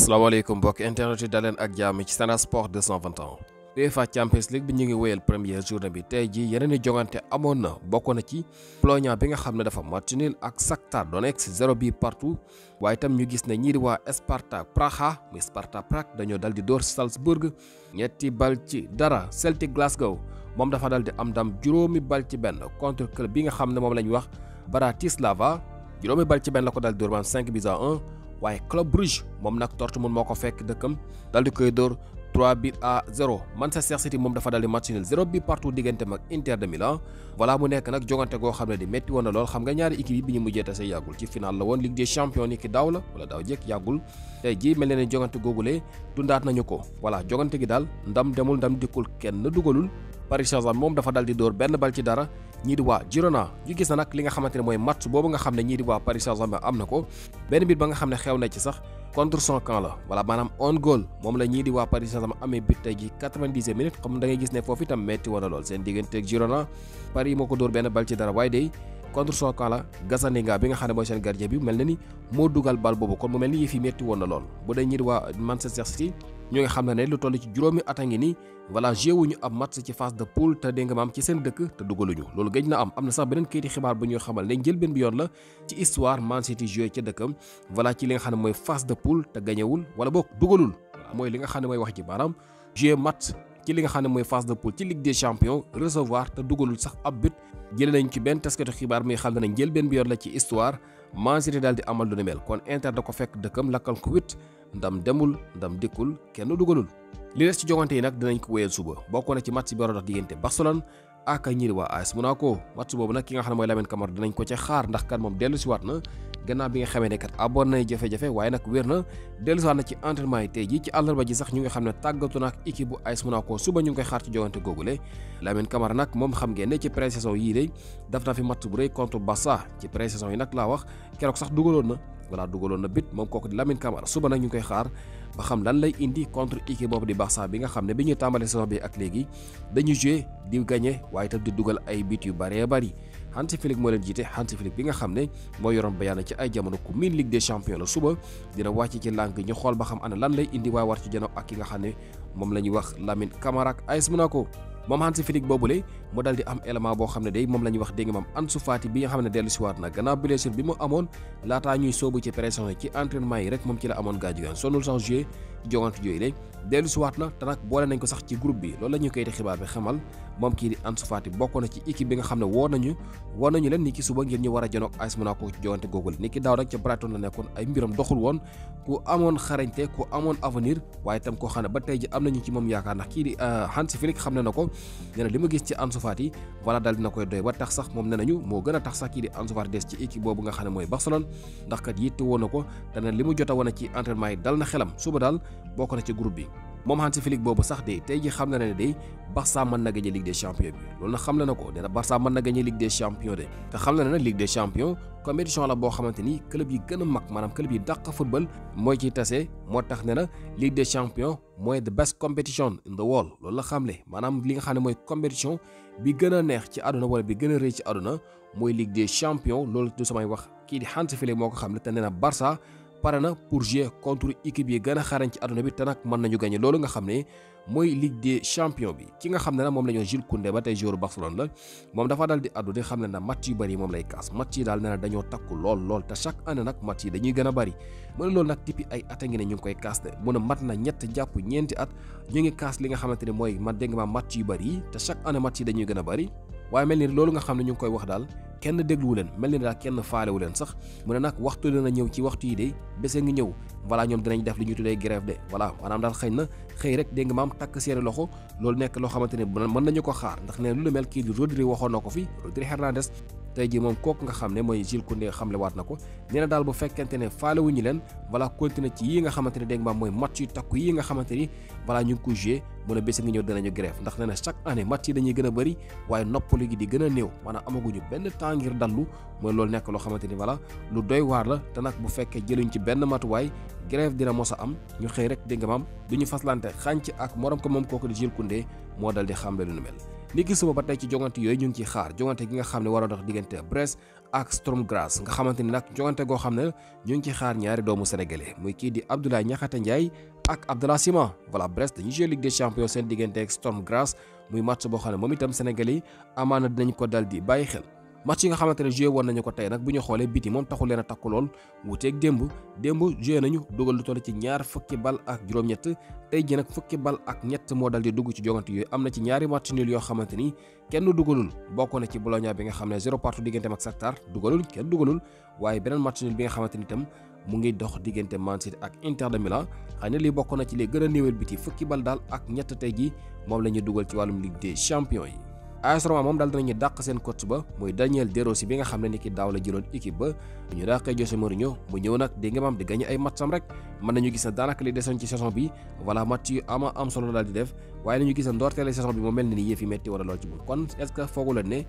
salaamaaleykum mbokk internet dalen daleen ak jàmm ci Sana Sport ans. UEFA Champions League bi ñi ngi wëyel première journée bi tay ji yeneen i jongante amon na bokk ci Pologne bi nga xamne dafa match nul ak Shakhtar Donetsk 0 bi partout waaye tam ñu gis ne ñi di wa Sparta Praha mais Sparta Prague dañu dal door Salzburg ñetti bal ci dara Celtic Glasgow mom dafa dal di am dam juroomi bal ci ben contre club bi nga xamne mom lañ wax Bratislava juroomi bal ci ben la ko dal door man 5 buts à 1 waaye Club bruge moom nag Dortmund moo ko fekk dëkkam dal di koy dóor 3 buts à 0 Manchester City moom dafa dal di match nil 0 bi partout diggante mag Inter de Milan voilà mu nekk nag jogante goo xam ne di metti woon na lool xam nga ñaari équipe yi bi ñu mujjee tase yàggul ci final la woon Ligue des champions ni ki daaw la wala daw jekk yàggul tey ji mel na ne jogante googulee dundaat nañu ko voilà jogante gi daal ndam demul ndam dikkul kenn dugalul Paris Saint-Germain moom dafa dal di dóor benn bal ci dara ñii di waa Girona ñu gis na nag li nga xamante ne mooy match boobu nga xam ne ñii di waa Paris Saint-Germain am na ko benn mbir ba nga xam ne xew na ci sax contre son camp la voilà maanaam on goal moom la ñii di waa Paris Saint-Germain amee but tey ji 90e minute comme da ngay gis ne foofu itam metti woon na lool seen diggante ak Girona Paris moo ko dóor benn bal ci dara waaye day contre son camp la Gazzaniga bi nga xam ne mooy seen gardien bi mel na ni moo dugal bal boobu kon mu mel ni yëf yi metti woon na lool bu dee ñii di waa Manchester City ñoo ngi xam ne ne lu toll ci juróomi at a ngi ni voilà jéewuñu ab match ci phase de poule te dégg nga ci seen dëkk te dugaluñu loolu gëj na am am na sax beneen kayiti xibaar bu ñuy xamal ne njëlbeen bi yoon la ci histoire Man City joué ca dëkkam voilà ci li nga xam ne mooy phase de poule te gañewul wala boog dugalul mooy li nga xam ne mooy wax ji maanaam joué match ci li nga xam ne mooy phase de poule ci Ligue des champions recevoir te dugalul sax ab but jëlee nañ ci benn taskatu xibaar muy xam ne njëlbeen bi yoon la ci histoire Mancini daal di amal du ni mel kon Inter da ko fekk dëkkam lakkal ko wit ndam demul ndam dikkul kenn dugalul li des ci jogante yi nag dinañ ko wéyal suba bokk na ci match bi war a dox diggante Barcelone aka ñii di waa AS Monaco match boobu nag ki nga xam ne mooy Lamine Camara dinañ ko ca xaar ndax kat moom dellu waat na gannaaw bi nga xamee ne kat abon nay jafe-jafe waaye nag wér na dellu si waat na ci entraînement yi tey jii ci àllarba ji sax ñu nga xam ne tàggatu na ak équipe bu AS Monaco suba ñu ngi koy xaar ci jogante googule Lamine Camara nag moom xam ngeen ne ci pré-saison yii de daf na fi match bu rëy contre Barça ci pré-saison yi nag laa wax keroog sax dugaloon na voilà dugaloon na bit moom kooku di Lamine Camara suba nag ñu koy xaar ba xam lan lay indi contre équipe boobu di Barça bi nga xam ne bi ñuy tàmbale saison bi ak léegi dañu joué di gagné waaye itam di dugal ay bit yu bëree bari Hansi Flick moo leen jiite Hansi Flick bi nga xam ne moo yoroon Bayern ci ay jamono ku miin Ligue des la suba dina wàcc ci lànk ñu xool ba xam ana lan lay indi waaye war ci janoo ak ki nga xam ne moom la ñuy wax Lamine Camara ak AS Monaco moom Hansi Flick boobule mu dal di am élément boo xam ne day moom la ñuy wax dégg nga na gannaaw blessure bi mu amoon laataa ñuy soobu ci pression yi ko sax ci groupe bi loolu la ñu koy di xibaar bi xamal moom kii di Ansu Fati bokk na a janook AS Monaco waaye itam koo xam ne ba tey am nañu ci moom yaakaar ndax kii di euh, Hansi Flick xam ne na ko nee li ma gis ci Ansu Fati voilà daal dina koy doy ba tax sax moom nee nañu moo gën a tax sax kii di Ansu Fati des ci équipe boobu nga xam ne mooy Barcelone ndax kat yitte woon na ko te ne li mu jot a wane ci entraînement yi dal na xelam suba daal bokk na ci groupe bi moom Hansi Flick boobu sax de tey ji xam na ne de Barça mën na gagné Ligue des champions bi loolu nag xam na na ko nee na Barça mën na gagné Ligue des de te na ne nag Ligue des boo xamante ni club yi gën a mag maanaam club yi dàq football mooy ciy tase moo tax ne na Ligue des champions mooy the best competition in the world maanaam li nga xam ne mooy compétition bi gën a neex ci àdduna wala bi gën a rëy ci àdduna mooy Ligue des champions loolu du samay wax kii di Hansi Flick moo ko xam ne te nee na Barça pare na pour jouer contre équipe yi gën a xarañ ci àdduna bi te nag mën nañu gagné loolu nga xam ne mooy Ligue des champions bi ki nga xam ne nag moom la ñoo Jules Koundé ba tey joueur la moom dafa dal di àddu xam ne nag match yu bëri moom lay kaas match yi daal nee na dañoo takku lool lool te chaque année nag match yi dañuy gën a bëri mu na loolu nag tippi ay at a ngi ne ñu ngi koy kaas de mu ne mat na ñett jàpp ñeenti at ñu ngi kaas li nga xamante ne mooy ma dégg ma match yu bëri yi te chaque année match yi dañuy bëri waaye mel ni loolu nga xam ne ñu ngi koy wax daal kenn dégluwu leen mel ni daal kenn faalewu leen sax mu ne nag waxtu dana ñëw ci waxtu yi de bésee ngi ñëw voilà ñoom dinañ def li ñu tuddee grève de voilà maanaam daal xëy na xëy rek dégg nga maam takk seeni loxo loolu nekk loo xamante ne mën nañu ko xaar ndax ne lu mel kii di Rodri waxoon na ko fi Rodri Hernandez tey jii moom kooku nga xam ne mooy Jules Koundé xamle waat na ko nee na daal bu fekkente ne faalewuñu leen voilà continuer ci yii nga xamante ne dégg nga mooy mat yu takku yii nga xamante ni voilà ñu ngi ko joué mu ne bés ngi ñëw danañu grève ndax nee na chaque année mat yi dañuy gën a bëri waaye noppalu gi di gën a néew a amaguñu benn temps ngir dallu mooy loolu nekk loo xamante ni voilà lu doy waar la te nag bu fekkee jëluñ ci benn matuwaay grève dina mos a am ñu xëy rek dégg nga maam ñu faslante xànc ak morom ko moom kooku di moo dal di xamle lu nu ni ki suba ba tey ci jongante yooyu ñu ngi ciy xaar jongante gi nga xam ne war a dox diggante Brest ak Sturm Graz nga xamante ni nag jongante goo xam ne ñu ngi ciy xaar ñaari doomu sénégalais muy kii di Abdoulaye Niakhate Ndiaye ak Abdallah Sima voilà Brest dañuy jouer Ligue des Champions seen diggante ak Sturm Graz muy match boo xam ne moom itam sénégalais na dinañ ko dal di bàyyi xel match yi nga xamante ne joué woon nañu ko tey nag bu ñu xoolee biti moom taxul leen a takku lool wuuteeg démb démb joué nañu dugal lu ci ñaar fukki bal ak juróom-ñett tey ji nag fukki bal ak ñett moo dal di dugg ci jogante yooyu am na ci ñaari match yoo xamante ni kenn dugalul bokkoon na ci Bologna bi nga xam ne zéro partout digganteem ak Shakhtar dugalul kenn dugalul waaye beneen match bi nga xamante ni tam mu ngi dox diggante Man ak Inter de mila xëy na lii bokk na ci li gën a néewal biti fukki bal daal ak ñett tey moom la dugal ci wàllum Ligue des yi AS Roma moom daal dinañu dàq seen coach ba muy Daniel De bi nga xam ne ni ki daaw la jëloon équipe ba ñu dàqee José Mourinho mu ñëw nag di nga maam di gañe ay matcham rek mën nañu gis ne daanaka li desoon ci saison bi voilà match yu ama am solo daal di def waaye nañu gis ne ndoorteele saison bi mu mel ne ni yëf yi metti wala lool ci moom kon est-ce que foogu la ne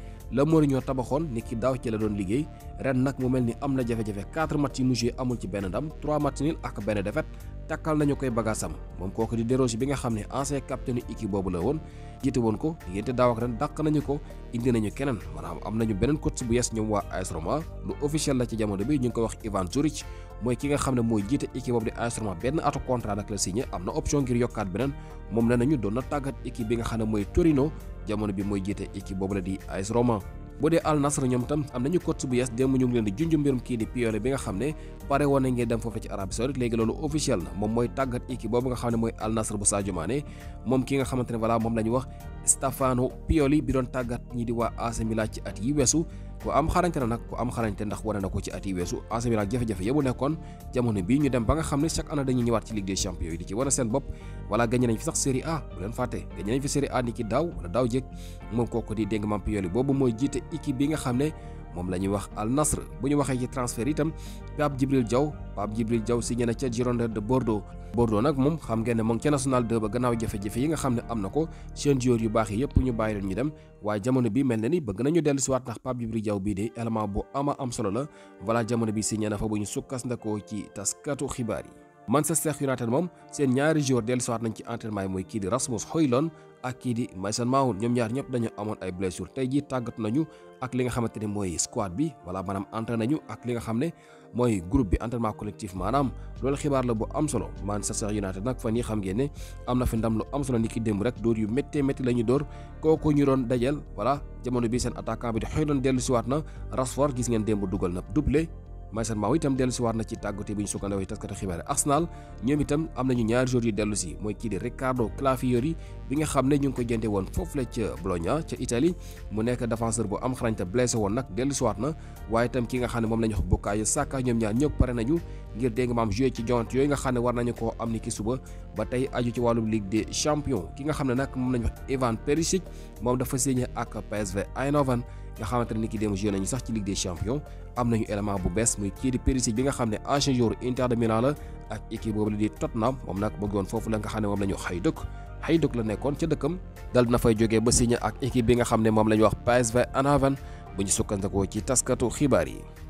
tabaxoon ni ki daaw ci la doon liggéey ren nag mu mel ni am na jafe-jafe 4 match yi mujjee amul ci benn ndam 3 match ak benn défaite takal nañu koy bagasam mom koku di déroge bi nga xamné ancien capitaine équipe bobu la won jiite won ko diggante daaw ak ren dak nañu ko indi nañu kenen manam am nañu benen coach bu yes ñom wa AS Roma lu officiel la ci jamono bi ñu ko wax Ivan Juric moy ki nga xamné moy jité jiite équipe boobu di AS Roma benn atu contrat nak la signé am na option ngir yokkat benen mom nañu doon na tagat équipe bi nga xamné moy Torino jamono bi moy jité équipe bobu la di AS Roma bu dee Al Nasr ñoom tam am nañu coach bu yees démb ñu ngi leen di junj mbirum kii di Pioli bi nga xam ne pare woon na ngeen dem foofu ci Arabie Saoudite léegi loolu officiel na moom mooy tàggat équipe boobu nga xam ne mooy Al Nasr bu Sadio Mané moom ki nga xamante ne voilà moom la wax Stefano Pioli bi doon tàggat ñi di waa AC Milan ci at yi weesu ku am xarañte la nag ku am xarañte ndax wane na ko ci at yi weesu AC jafe-jafe ya nekkoon jamono bii ñu dem ba nga xam ne chaque année dañu ñëwaat ci Ligue des Champions yi di ci wane seen bopp wala gagné nañ fi sax Serie A bu leen fàtte gagné nañ fi Serie A ni ki daaw wala daaw jëkk moom kooku di dégg boobu mooy jiite équipe bi nga xam ne moom la ñuy wax Al Nasr bu ñu waxee ci transfert itam Pape Djibril Diaw Pape Djibril Diaw signé na ca Girondins de Bordeaux. Bordeaux nag moom xam ngeen ne moo ca national 2 ba gannaaw jafe-jafe yi nga xam ne am na ko seen joueur yu baax yi yëpp ñu bàyyi leen ñu dem waaye jamono bi mel na ni bëgg nañu dellu siwaat ndax Pape Djibril Diaw bii de élément bu ama am solo la voilà jamono bi signé na fa bu ñu sukkandikoo ci taskatu xibaar yi. Manchester United moom seen ñaari joueur dellu siwaat nañ ci entraînement mooy kii di Rasmus Højlund ak kii di Mason Mount ñoom ñaar ñëpp dañu amoon ay blessure tey jii tàggat nañu ak li nga xamante ne mooy squad bi wala maanaam entraîné nañu ak li nga xam ne mooy groupe bi entraînement collectif maanaam loolu xibaar la bu am solo Manchester United nag fan yi xam ngeen ne am na fi ndam lu am solo ni ki démb rek dóor yu méttee métti la ñu dóor kooku ñu doon dajal voilà jamono bi seen attaquant bi di xëy doon dellu siwaat na Rashford gis ngeen démb dugal na doublé Maysane Maw itam dellu si war na ci tàggute bi sukkandaw sukkandoo yi taskatu Arsenal ñoom itam amna ñu ñaar jour yu dellu si mooy di Ricardo Clafiori bi nga xam ñu ko jënde won fofu la ci Bologna ci Italie mu nekk défenseur bu am xarañte blessé won nak dellu si na itam ki nga xam mom lañ wax Saka ñoom ñaar ñok paré nañu ngir dégg maam jouer ci jont yoy nga war nañ ko am ni ki suba ba tay aju ci walum Ligue des Champions ki nga xam nak mom lañ wax Ivan Perisic mom dafa signé ak PSV Eindhoven nga xamante ne ni ki démb joué nañu sax ci Ligue des champions am nañu élément bu bees muy kii di Perisic bi nga xam ne ancien joueur Inter de Milan la ak équipe boobu la di Tottenham moom nag bëggoon foofu la nga xam ne moom la ñu xay dëkk xay dëkk la nekkoon ca dëkkam dal dina fay jógee ba signé ak équipe bi nga xam ne moom la ñu wax PSV Eindhoven bu ñu sukkandikoo ci taskatu xibaar yi